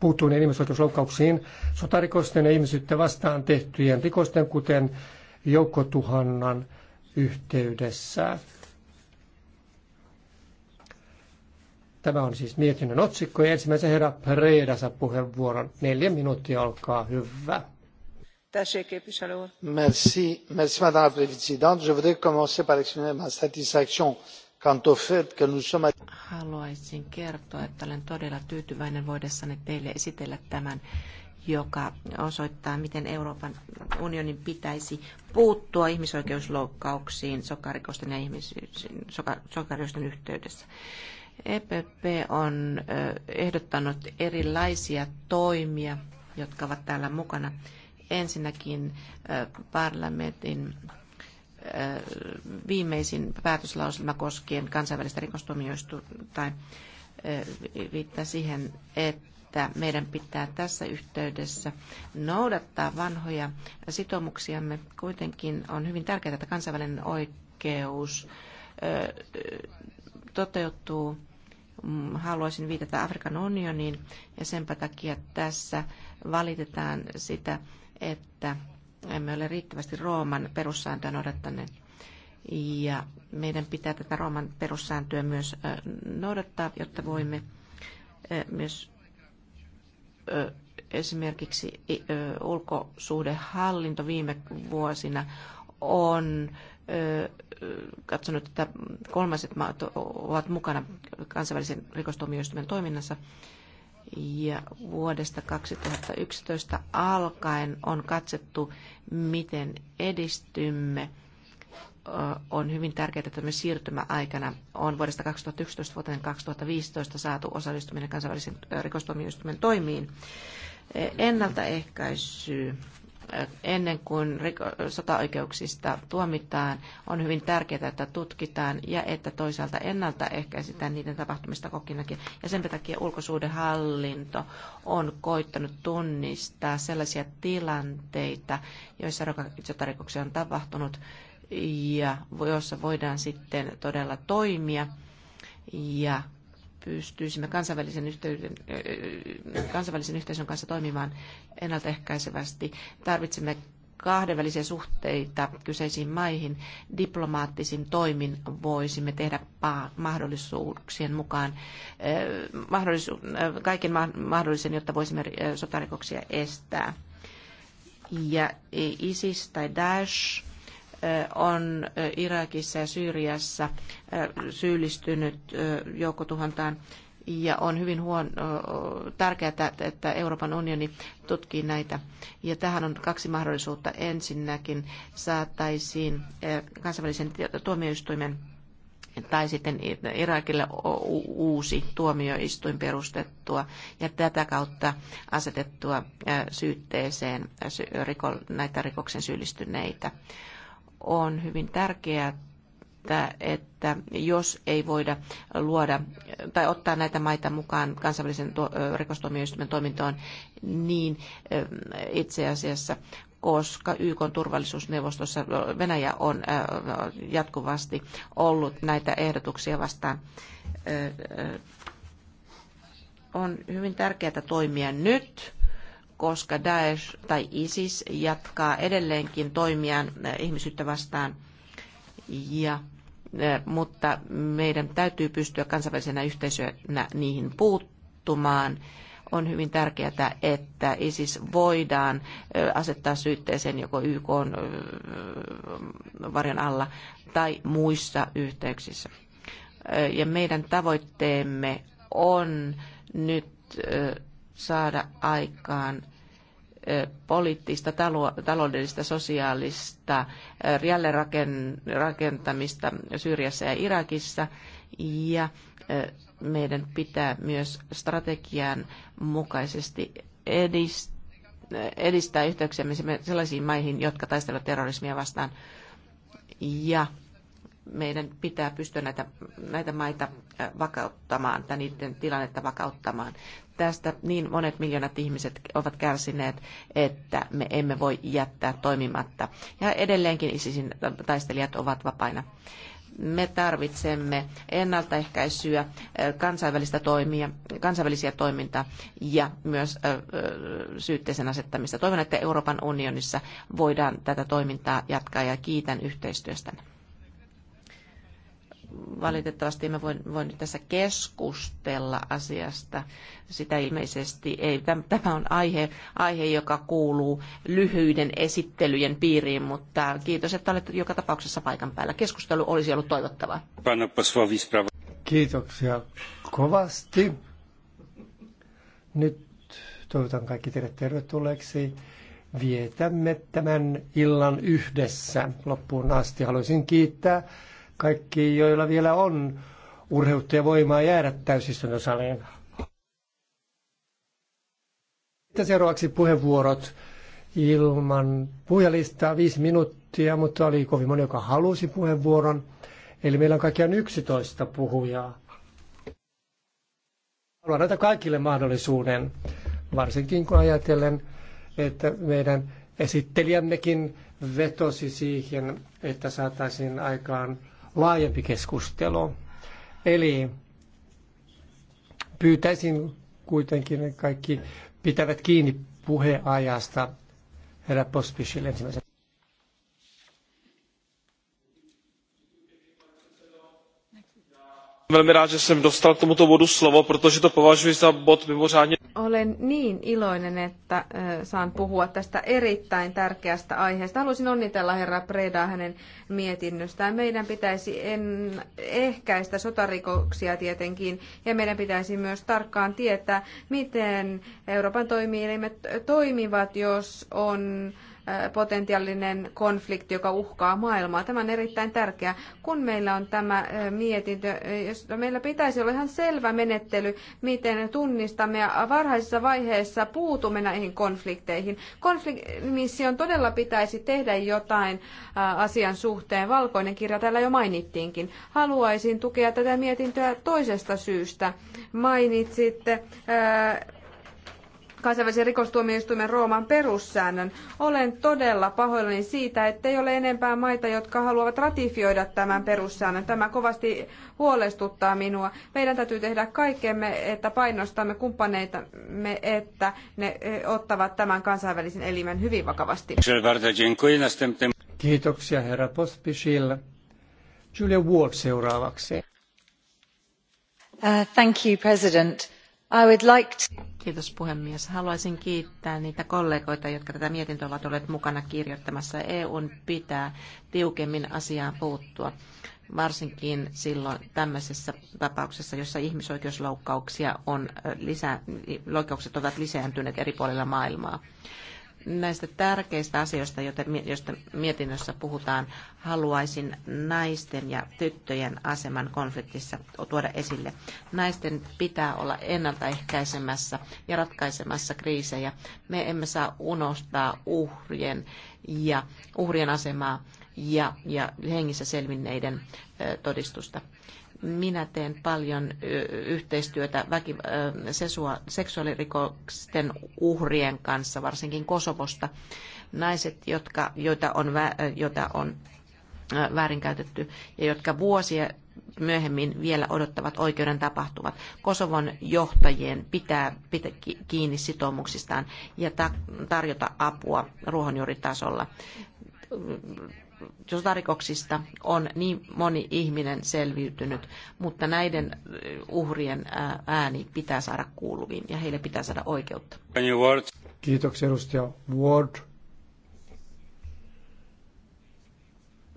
puuttuminen ihmisoikeusloukkauksiin, sotarikosten ja ihmisyyttä vastaan tehtyjen rikosten, kuten joukkotuhannan yhteydessä. Tämä on siis mietinnön otsikko ja ensimmäisen herra Predasa puheenvuoron. Neljä minuuttia, olkaa hyvä. Merci, merci madame la présidente. Je voudrais commencer par exprimer ma satisfaction Haluaisin kertoa, että olen todella tyytyväinen voidessani teille esitellä tämän, joka osoittaa, miten Euroopan unionin pitäisi puuttua ihmisoikeusloukkauksiin sokarikosten ja sokarikosten yhteydessä. EPP on ehdottanut erilaisia toimia, jotka ovat täällä mukana. Ensinnäkin parlamentin viimeisin päätöslauselma koskien kansainvälistä rikostuomioistuinta viittaa siihen, että meidän pitää tässä yhteydessä noudattaa vanhoja sitoumuksiamme. Kuitenkin on hyvin tärkeää, että kansainvälinen oikeus toteutuu. Haluaisin viitata Afrikan unioniin ja sen takia tässä valitetaan sitä, että emme ole riittävästi Rooman perussääntöä noudattaneet. Ja meidän pitää tätä Rooman perussääntöä myös noudattaa, jotta voimme myös esimerkiksi ulkosuhdehallinto viime vuosina on katsonut, että kolmaset maat ovat mukana kansainvälisen rikostuomioistuimen toiminnassa ja vuodesta 2011 alkaen on katsottu, miten edistymme. On hyvin tärkeää, että me siirtymäaikana on vuodesta 2011 vuoteen 2015 saatu osallistuminen kansainvälisen rikostuomioistuimen toimiin. Ennaltaehkäisy ennen kuin sotaoikeuksista tuomitaan, on hyvin tärkeää, että tutkitaan ja että toisaalta sitä niiden tapahtumista kokinakin. Ja sen takia ulkosuudenhallinto on koittanut tunnistaa sellaisia tilanteita, joissa sotarikoksia on tapahtunut ja joissa voidaan sitten todella toimia ja pystyisimme kansainvälisen, yhteyden, kansainvälisen yhteisön kanssa toimimaan ennaltaehkäisevästi. Tarvitsemme kahdenvälisiä suhteita kyseisiin maihin diplomaattisin toimin voisimme tehdä mahdollisuuksien mukaan mahdollisu, kaiken mahdollisen, jotta voisimme sotarikoksia estää. Ja ISIS tai Daesh on Irakissa ja Syyriassa syyllistynyt joukkotuhantaan ja on hyvin huon, tärkeää, että Euroopan unioni tutkii näitä. Ja tähän on kaksi mahdollisuutta. Ensinnäkin saataisiin kansainvälisen tuomioistuimen tai sitten Irakille uusi tuomioistuin perustettua ja tätä kautta asetettua syytteeseen näitä rikoksen syyllistyneitä on hyvin tärkeää, että, että jos ei voida luoda tai ottaa näitä maita mukaan kansainvälisen rikostuomioistuimen toimintoon, niin itse asiassa koska YK turvallisuusneuvostossa Venäjä on jatkuvasti ollut näitä ehdotuksia vastaan. On hyvin tärkeää toimia nyt koska Daesh tai ISIS jatkaa edelleenkin toimiaan äh, ihmisyyttä vastaan. Ja, äh, mutta meidän täytyy pystyä kansainvälisenä yhteisönä niihin puuttumaan on hyvin tärkeää, että ISIS voidaan äh, asettaa syytteeseen joko YK varjon alla tai muissa yhteyksissä. Ja meidän tavoitteemme on nyt saada aikaan poliittista, taloudellista, sosiaalista jälleenrakentamista Syyriassa ja Irakissa. Ja meidän pitää myös strategian mukaisesti edistää yhteyksiä sellaisiin maihin, jotka taistelevat terrorismia vastaan. Ja meidän pitää pystyä näitä, näitä maita vakauttamaan tai niiden tilannetta vakauttamaan. Tästä niin monet miljoonat ihmiset ovat kärsineet, että me emme voi jättää toimimatta. Ja edelleenkin ISISin taistelijat ovat vapaina. Me tarvitsemme ennaltaehkäisyä, kansainvälistä toimia, kansainvälisiä toimintaa ja myös syytteisen asettamista. Toivon, että Euroopan unionissa voidaan tätä toimintaa jatkaa ja kiitän yhteistyöstänne valitettavasti emme voi, voi nyt tässä keskustella asiasta. Sitä ilmeisesti ei. Tämä on aihe, aihe, joka kuuluu lyhyiden esittelyjen piiriin, mutta kiitos, että olette joka tapauksessa paikan päällä. Keskustelu olisi ollut toivottavaa. Kiitoksia kovasti. Nyt toivotan kaikki teille tervetulleeksi. Vietämme tämän illan yhdessä loppuun asti. Haluaisin kiittää kaikki, joilla vielä on urheutta ja voimaa jäädä täysistuntosaliin. Sitten seuraavaksi puheenvuorot ilman puhujalistaa viisi minuuttia, mutta oli kovin moni, joka halusi puheenvuoron. Eli meillä on kaikkiaan 11 puhujaa. Haluan näitä kaikille mahdollisuuden, varsinkin kun ajatellen, että meidän esittelijämmekin vetosi siihen, että saataisiin aikaan laajempi keskustelu. Eli pyytäisin kuitenkin kaikki pitävät kiinni puheajasta. Herra Pospisil ensimmäisen. velmi rád že jsem dostal k tomuto bodu slovo protože to považuji za bod mimořádně Olen niin iloinen, että eh, saan puhua tästä erittäin tärkeästä aiheesta. Haluaisin onnitella herra Preda hänen mietinnöstään. Meidän pitäisi en, ehkäistä sotarikoksia tietenkin ja meidän pitäisi myös tarkkaan tietää, miten Euroopan toimielimet toimivat, jos on potentiaalinen konflikti, joka uhkaa maailmaa. Tämä on erittäin tärkeää. Kun meillä on tämä mietintö, josta meillä pitäisi olla ihan selvä menettely, miten tunnistamme ja varhaisessa vaiheessa puutumme näihin konflikteihin. Konfliktimission todella pitäisi tehdä jotain asian suhteen. Valkoinen kirja täällä jo mainittiinkin. Haluaisin tukea tätä mietintöä toisesta syystä. Mainitsitte kansainvälisen rikostuomioistuimen Rooman perussäännön. Olen todella pahoillani siitä, ettei ole enempää maita, jotka haluavat ratifioida tämän perussäännön. Tämä kovasti huolestuttaa minua. Meidän täytyy tehdä kaikkemme, että painostamme kumppaneitamme, että ne eh, ottavat tämän kansainvälisen elimen hyvin vakavasti. Kiitoksia herra Julia Ward seuraavaksi. Uh, thank you, President. I would like to... Kiitos puhemies. Haluaisin kiittää niitä kollegoita, jotka tätä mietintöä ovat olleet mukana kirjoittamassa. EUn pitää tiukemmin asiaan puuttua, varsinkin silloin tämmöisessä tapauksessa, jossa ihmisoikeusloukkauksia on lisää, loukkaukset ovat lisääntyneet eri puolilla maailmaa näistä tärkeistä asioista, joista mietinnössä puhutaan, haluaisin naisten ja tyttöjen aseman konfliktissa tuoda esille. Naisten pitää olla ennaltaehkäisemässä ja ratkaisemassa kriisejä. Me emme saa unohtaa uhrien ja uhrien asemaa ja, ja hengissä selvinneiden todistusta. Minä teen paljon yhteistyötä väki, seksuaalirikosten uhrien kanssa, varsinkin Kosovosta. Naiset, jotka, joita, on, joita on väärinkäytetty ja jotka vuosia myöhemmin vielä odottavat oikeuden tapahtuvat. Kosovon johtajien pitää pitää kiinni sitoumuksistaan ja tarjota apua ruohonjuuritasolla sotarikoksista on niin moni ihminen selviytynyt, mutta näiden uhrien ääni pitää saada kuuluviin ja heille pitää saada oikeutta. Kiitoksia edustaja Ward.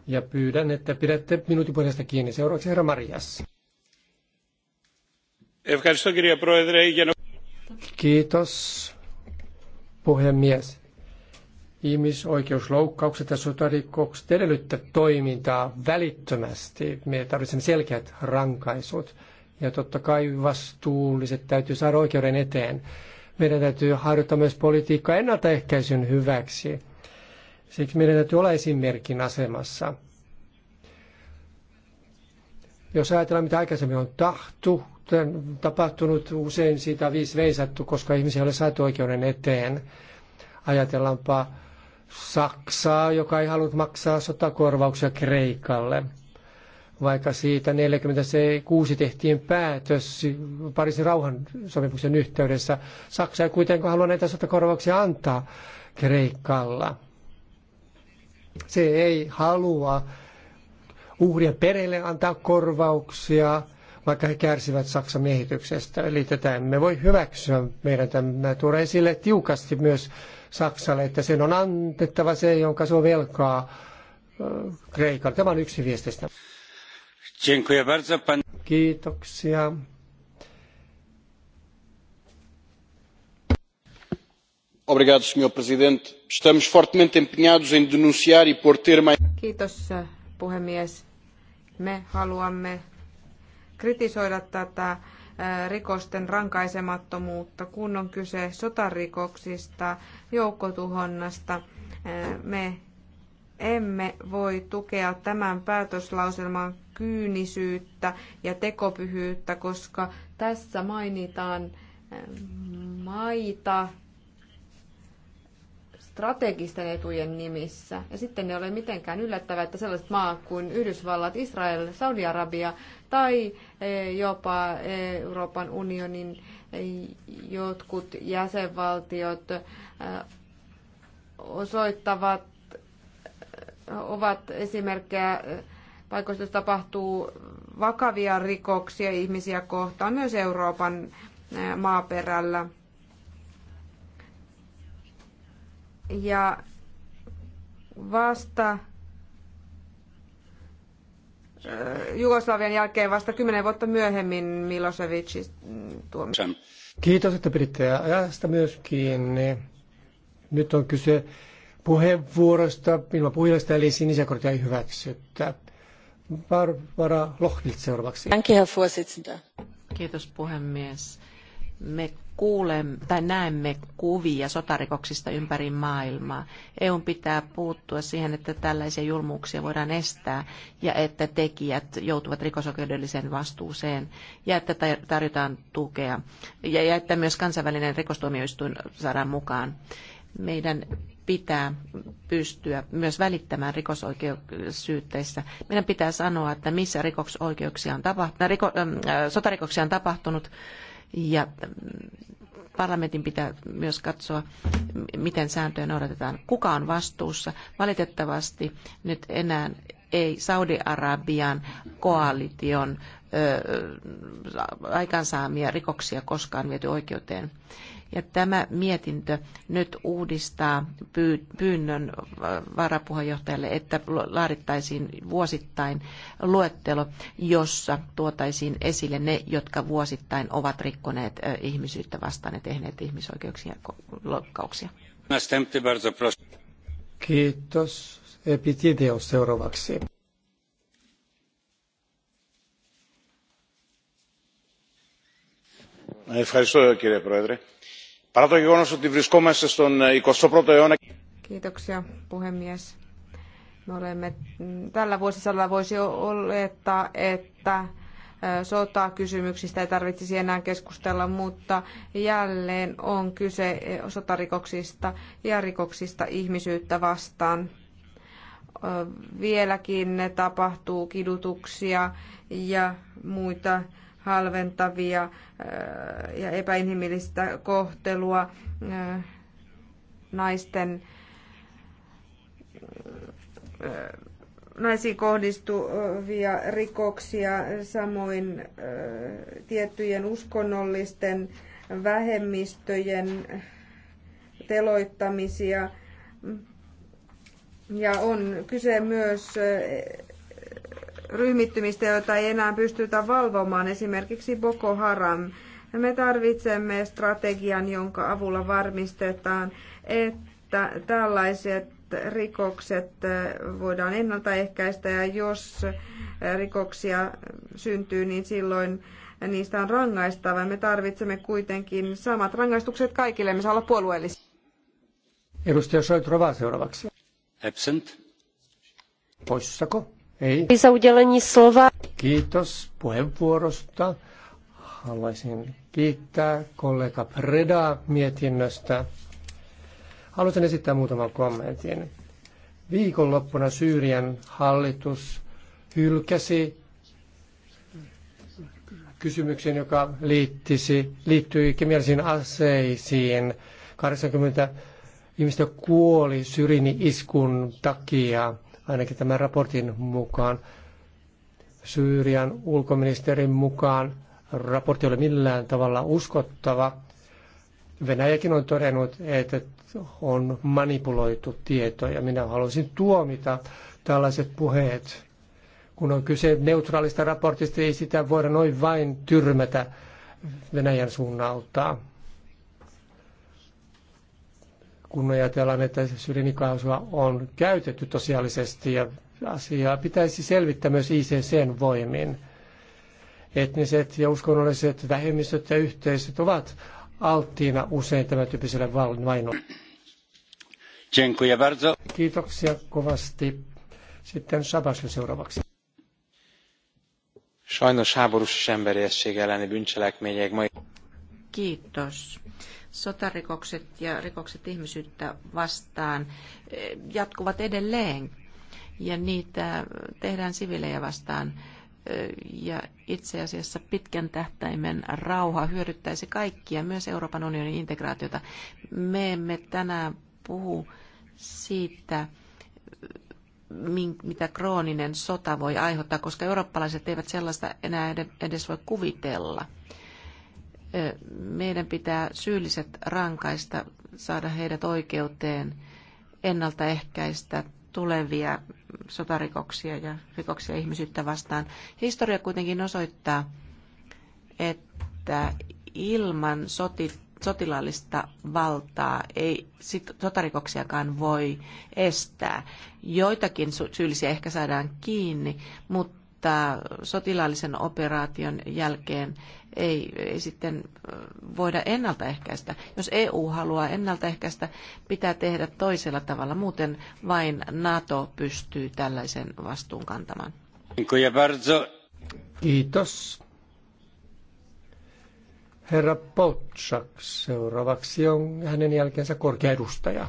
Ja pyydän, että pidätte minuutin puheesta kiinni. Seuraavaksi herra Marias. Kiitos, puhemies ihmisoikeusloukkaukset ja sotarikokset edellyttävät toimintaa välittömästi. Me tarvitsemme selkeät rankaisut ja totta kai vastuulliset täytyy saada oikeuden eteen. Meidän täytyy harjoittaa myös politiikkaa ennaltaehkäisyn hyväksi. Siksi meidän täytyy olla esimerkin asemassa. Jos ajatellaan, mitä aikaisemmin on tahtu, tapahtunut, usein siitä viisi veisattu, koska ihmisiä ei ole saatu oikeuden eteen ajatellaanpa Saksaa, joka ei halunnut maksaa sotakorvauksia Kreikalle. Vaikka siitä 1946 tehtiin päätös Pariisin rauhansopimuksen yhteydessä, Saksa ei kuitenkaan halua näitä sotakorvauksia antaa Kreikalla. Se ei halua uhrien perheille antaa korvauksia, vaikka he kärsivät Saksan miehityksestä. Eli tätä emme voi hyväksyä. Meidän tämä tuoda esille tiukasti myös Saksalle, että sen on antettava se, jonka se on velkaa Kreikalle. Tämä on yksi viestistä. Kiitoksia. Obrigado, Senhor Presidente. Estamos fortemente empenhados em denunciar e pôr termo. Kiitos, puhemies. Me haluamme kritisoida tätä rikosten rankaisemattomuutta, kun on kyse sotarikoksista, joukkotuhonnasta. Me emme voi tukea tämän päätöslauselman kyynisyyttä ja tekopyhyyttä, koska tässä mainitaan maita strategisten etujen nimissä. Ja sitten ei ole mitenkään yllättävää, että sellaiset maat kuin Yhdysvallat, Israel, Saudi-Arabia tai e, jopa e, Euroopan unionin e, jotkut jäsenvaltiot osoittavat, ovat esimerkkejä paikoista, tapahtuu vakavia rikoksia ihmisiä kohtaan myös Euroopan maaperällä. Ja vasta Äh, Jugoslavian jälkeen vasta kymmenen vuotta myöhemmin Milosevicin mm, tuomio. Kiitos, että piditte ajasta myöskin. Nyt on kyse puheenvuorosta, ilman puhujasta, eli sinisiä kortteja ei hyväksytä. Barbara Lohvilt seuraavaksi. Kiitos puhemies. Me kuulemme tai näemme kuvia sotarikoksista ympäri maailmaa. EUn pitää puuttua siihen, että tällaisia julmuuksia voidaan estää ja että tekijät joutuvat rikosoikeudelliseen vastuuseen ja että tarjotaan tukea ja että myös kansainvälinen rikostuomioistuin saadaan mukaan. Meidän pitää pystyä myös välittämään rikosoikeussyytteissä. Meidän pitää sanoa, että missä rikosoikeuksia on tapahtunut, riko, äh, sotarikoksia on tapahtunut ja mm, parlamentin pitää myös katsoa, miten sääntöjä noudatetaan. Kuka on vastuussa? Valitettavasti nyt enää ei Saudi-Arabian koalition aikansaamia rikoksia koskaan viety oikeuteen. Ja tämä mietintö nyt uudistaa pyynnön varapuheenjohtajalle, että laadittaisiin vuosittain luettelo, jossa tuotaisiin esille ne, jotka vuosittain ovat rikkoneet ihmisyyttä vastaan ja tehneet ihmisoikeuksia loukkauksia. Kiitos. seuraavaksi. Kiitoksia puhemies. Me olemme mm, tällä vuosisadalla voisi olla, että sotaa kysymyksistä ei tarvitsisi enää keskustella, mutta jälleen on kyse e, sotarikoksista ja rikoksista ihmisyyttä vastaan. Vieläkin tapahtuu kidutuksia ja muita halventavia äh, ja epäinhimillistä kohtelua, äh, naisten äh, naisiin kohdistuvia rikoksia, samoin tiettyjen uskonnollisten vähemmistöjen teloittamisia. Ja on kyse myös ryhmittymistä, joita ei enää pystytä valvomaan, esimerkiksi Boko Haram. Me tarvitsemme strategian, jonka avulla varmistetaan, että tällaiset rikokset eh, voidaan ennaltaehkäistä ja jos eh, rikoksia syntyy, niin silloin niistä on rangaistava. Me tarvitsemme kuitenkin samat rangaistukset kaikille, me saa olla puolueellisia. Edustaja Soitrova seuraavaksi. Absent. Poissako? Ei. Kiitos puheenvuorosta. Haluaisin kiittää kollega Preda mietinnöstä. Haluaisin esittää muutaman kommentin. Viikonloppuna Syyrian hallitus hylkäsi kysymyksen, joka liittisi, liittyi kemiallisiin aseisiin. 80 ihmistä kuoli Syrini iskun takia ainakin tämän raportin mukaan. Syyrian ulkoministerin mukaan raportti oli millään tavalla uskottava. Venäjäkin on todennut, että on manipuloitu tietoja. Minä haluaisin tuomita tällaiset puheet. Kun on kyse neutraalista raportista, ei sitä voida noin vain tyrmätä Venäjän suunnalta kun ajatellaan, että sydinikaasua on käytetty tosiaalisesti ja asiaa pitäisi selvittää myös ICCn voimin. Etniset ja uskonnolliset vähemmistöt ja yhteisöt ovat alttiina usein tämän tyyppiselle vainolle. Kiitoksia kovasti. Sitten Sabasle seuraavaksi. Sajnos háborús és emberiesség elleni bűncselekmények mai... Kiitos sotarikokset ja rikokset ihmisyyttä vastaan eh, jatkuvat edelleen ja niitä tehdään sivilejä vastaan. Eh, ja itse asiassa pitkän tähtäimen rauha hyödyttäisi kaikkia, myös Euroopan unionin integraatiota. Me emme tänään puhu siitä, eh, mitä krooninen sota voi aiheuttaa, koska eurooppalaiset eivät sellaista enää edes voi kuvitella – meidän pitää syylliset rankaista, saada heidät oikeuteen, ennaltaehkäistä tulevia sotarikoksia ja rikoksia ihmisyyttä vastaan. Historia kuitenkin osoittaa, että ilman soti, sotilaallista valtaa ei sit, sotarikoksiakaan voi estää. Joitakin syyllisiä ehkä saadaan kiinni, mutta sotilaallisen operaation jälkeen ei, ei sitten voida ennaltaehkäistä. Jos EU haluaa ennaltaehkäistä, pitää tehdä toisella tavalla. Muuten vain NATO pystyy tällaisen vastuun kantamaan. Kiitos. Herra Polczak, seuraavaksi on hänen jälkeensä korkea edustaja.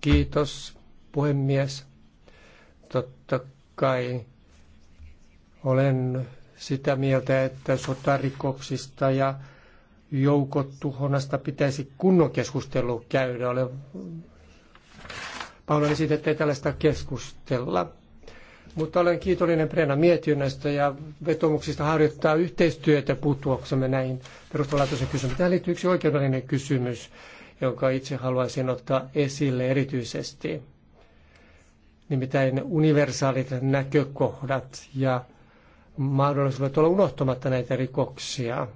Kiitos, puhemies. Totta kai olen sitä mieltä, että sotarikoksista ja joukotuhonasta pitäisi kunnon keskustelu käydä. Olen pahoillani siitä, ei tällaista keskustella. Mutta olen kiitollinen Prena mietinnöstä ja vetomuksista harjoittaa yhteistyötä puuttuaksemme näihin perustavanlaatuisiin kysymyksiin. Tähän liittyy yksi oikeudellinen kysymys, jonka itse haluaisin ottaa esille erityisesti. Nimittäin universaalit näkökohdat ja mahdollisuudet olla unohtamatta näitä rikoksia.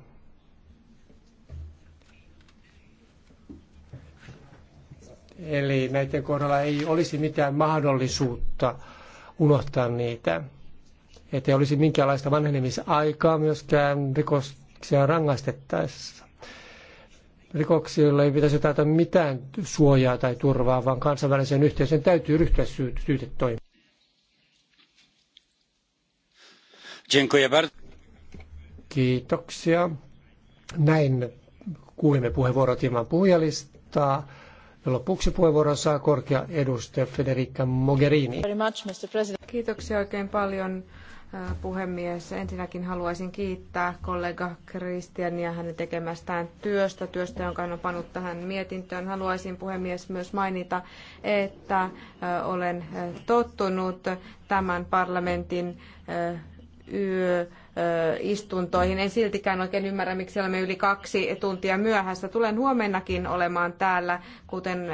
Eli näiden kohdalla ei olisi mitään mahdollisuutta unohtaa niitä. Että ei olisi minkäänlaista vanhenemisaikaa myöskään rikoksia rangaistettaessa. Rikoksilla ei pitäisi taata mitään suojaa tai turvaa, vaan kansainvälisen yhteisön täytyy ryhtyä syytetoimiin. Kiitoksia. Näin kuulimme puheenvuorot ilman puhujalistaa. Lopuksi puheenvuoron saa korkea edustaja Federica Mogherini. Kiitoksia oikein paljon äh, puhemies. Ensinnäkin haluaisin kiittää kollega Kristiania hänen tekemästään työstä, työstä, jonka hän on pannut tähän mietintöön. Haluaisin puhemies myös mainita, että äh, olen äh, tottunut tämän parlamentin yö istuntoihin. En siltikään oikein ymmärrä, miksi olemme yli kaksi tuntia myöhässä. Tulen huomennakin olemaan täällä, kuten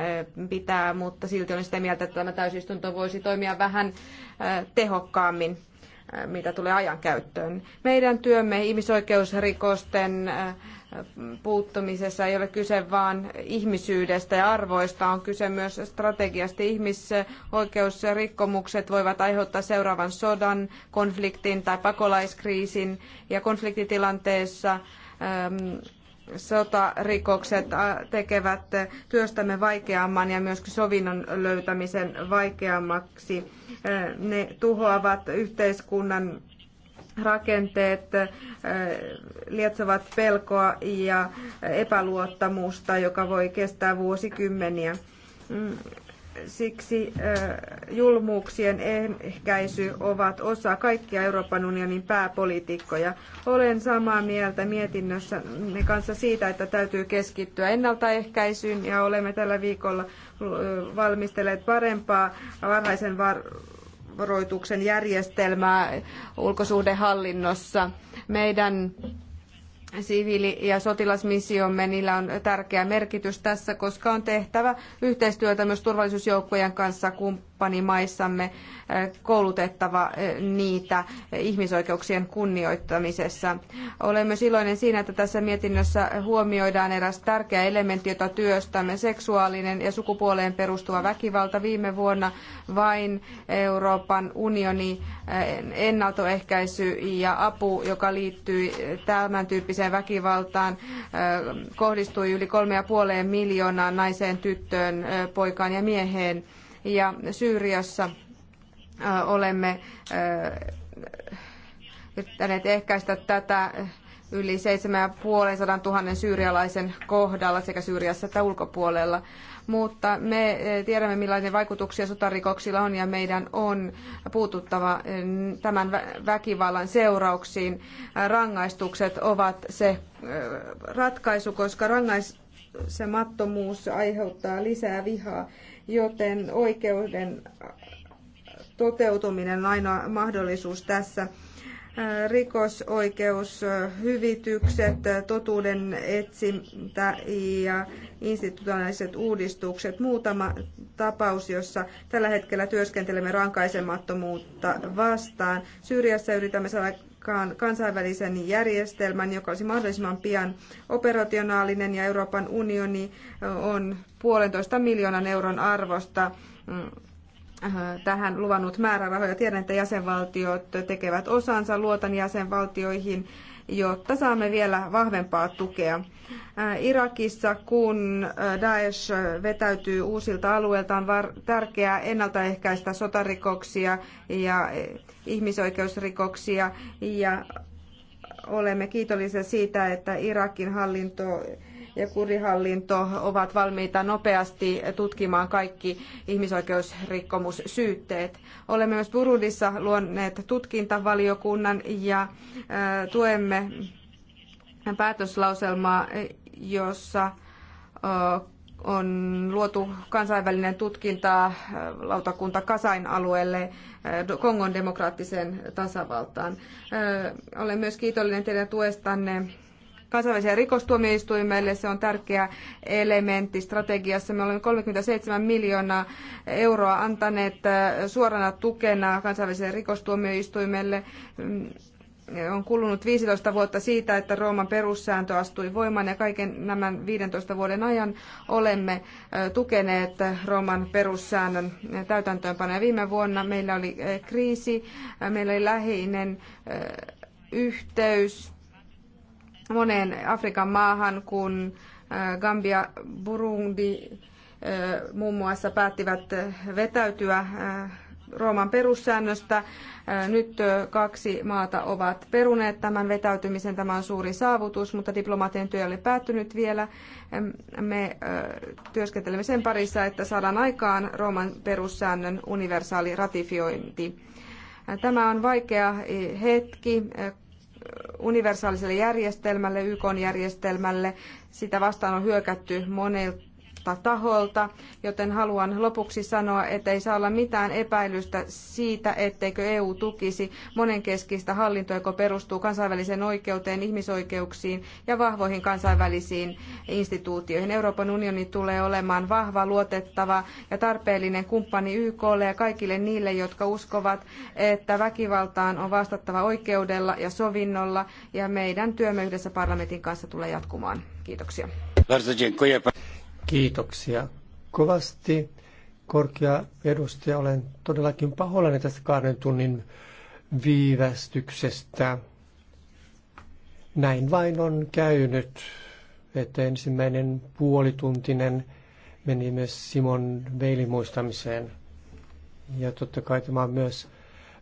pitää, mutta silti olen sitä mieltä, että tämä täysistunto voisi toimia vähän tehokkaammin mitä tulee ajankäyttöön. Meidän työmme ihmisoikeusrikosten puuttumisessa ei ole kyse vain ihmisyydestä ja arvoista, on kyse myös strategiasta. Ihmisoikeusrikkomukset voivat aiheuttaa seuraavan sodan, konfliktin tai pakolaiskriisin ja konfliktitilanteessa ähm, sotarikokset äh, tekevät työstämme vaikeamman ja myös sovinnon löytämisen vaikeammaksi. Äh, ne tuhoavat yhteiskunnan rakenteet lietsovat pelkoa ja epäluottamusta, joka voi kestää vuosikymmeniä. Mm, siksi julmuuksien ehkäisy ovat osa kaikkia Euroopan unionin pääpolitiikkoja. Olen samaa mieltä mietinnössä ne kanssa siitä, että täytyy keskittyä ennaltaehkäisyyn ja olemme tällä viikolla valmistelleet parempaa varhaisen var- varoituksen järjestelmää ulkosuhdehallinnossa. Meidän siviili- ja sotilasmissiomme, niillä on tärkeä merkitys tässä, koska on tehtävä yhteistyötä myös turvallisuusjoukkojen kanssa kumppanimaissamme, eh, koulutettava eh, niitä ihmisoikeuksien kunnioittamisessa. Olen myös iloinen siinä, että tässä mietinnössä huomioidaan eräs tärkeä elementti, jota työstämme, seksuaalinen ja sukupuoleen perustuva väkivalta. Viime vuonna vain Euroopan unioni eh, ennaltoehkäisy ja apu, joka liittyy tämän tyyppiseen seksuaaliseen väkivaltaan kohdistui yli kolme ja miljoonaan naiseen, tyttöön, poikaan ja mieheen. Ja Syyriassa olemme yrittäneet ehkäistä tätä yli 750 000 syyrialaisen kohdalla sekä Syyriassa että ulkopuolella. Mutta me eh, tiedämme, millainen vaikutuksia sotarikoksilla on ja meidän on puututtava eh, tämän väkivallan seurauksiin. Eh, rangaistukset ovat se ratkaisu, koska rangaisemattomuus aiheuttaa lisää vihaa, joten oikeuden toteutuminen on ainoa mahdollisuus tässä rikosoikeushyvitykset, totuuden etsintä ja institutionaaliset uudistukset. Muutama tapaus, jossa tällä hetkellä työskentelemme rankaisemattomuutta vastaan. Syyriassa yritämme saada kansainvälisen järjestelmän, joka olisi mahdollisimman pian operationaalinen ja Euroopan unioni on puolentoista miljoonan euron arvosta mm, Äh, tähän luvannut määrärahoja. Tiedän, että jäsenvaltiot tekevät osansa, luotan jäsenvaltioihin, jotta saamme vielä vahvempaa tukea. Äh, Irakissa, kun äh, Daesh vetäytyy uusilta alueilta, on tärkeää ennaltaehkäistä sotarikoksia ja e, ihmisoikeusrikoksia ja olemme kiitollisia siitä, että Irakin hallinto ja kurihallinto ovat valmiita nopeasti tutkimaan kaikki ihmisoikeusrikkomussyytteet. Olemme myös Burundissa luonneet tutkintavaliokunnan ja äh, tuemme päätöslauselmaa, jossa äh, on luotu kansainvälinen äh, lautakunta Kasain alueelle Kongon demokraattiseen tasavaltaan. Olen myös kiitollinen teidän tuestanne kansainväliseen rikostuomioistuimelle. Se on tärkeä elementti strategiassa. Me olemme 37 miljoonaa euroa antaneet äh, suorana tukena kansainväliseen rikostuomioistuimelle mm, on kulunut 15 vuotta siitä, että Rooman perussääntö astui voimaan ja kaiken nämän 15 vuoden ajan olemme äh, tukeneet Rooman perussäännön täytäntöönpanoa. Viime vuonna meillä oli äh, kriisi, meillä oli läheinen yhteys moneen Afrikan maahan, kun Gambia, Burundi muun muassa päättivät vetäytyä Rooman perussäännöstä. Nyt kaksi maata ovat peruneet tämän vetäytymisen. Tämä on suuri saavutus, mutta diplomaatien työ ei ole päättynyt vielä. Me työskentelemme sen parissa, että saadaan aikaan Rooman perussäännön universaali ratifiointi. Tämä on vaikea hetki universaaliselle järjestelmälle, YK-järjestelmälle. Sitä vastaan on hyökätty monilta kolmelta taholta, joten haluan lopuksi sanoa, että ei saa olla mitään epäilystä siitä, etteikö EU tukisi monenkeskistä hallintoa, joka perustuu kansainväliseen oikeuteen, ihmisoikeuksiin ja vahvoihin kansainvälisiin instituutioihin. Euroopan unioni tulee olemaan vahva, luotettava ja tarpeellinen kumppani YKlle ja kaikille niille, jotka uskovat, että väkivaltaan on vastattava oikeudella ja sovinnolla ja meidän työmme yhdessä parlamentin kanssa tulee jatkumaan. Kiitoksia. Kiitoksia kovasti, korkea edustaja. Olen todellakin pahoillani tästä kahden tunnin viivästyksestä. Näin vain on käynyt, että ensimmäinen puolituntinen meni myös Simon Veilin muistamiseen. Ja totta kai tämä on myös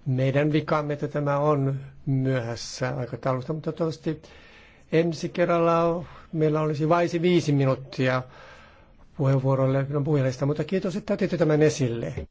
meidän vikamme, että tämä on myöhässä aikataulusta, mutta toivottavasti ensi kerralla meillä olisi vaisi viisi minuuttia puheenvuoroille no puhujallista, mutta kiitos, että otitte tämän esille.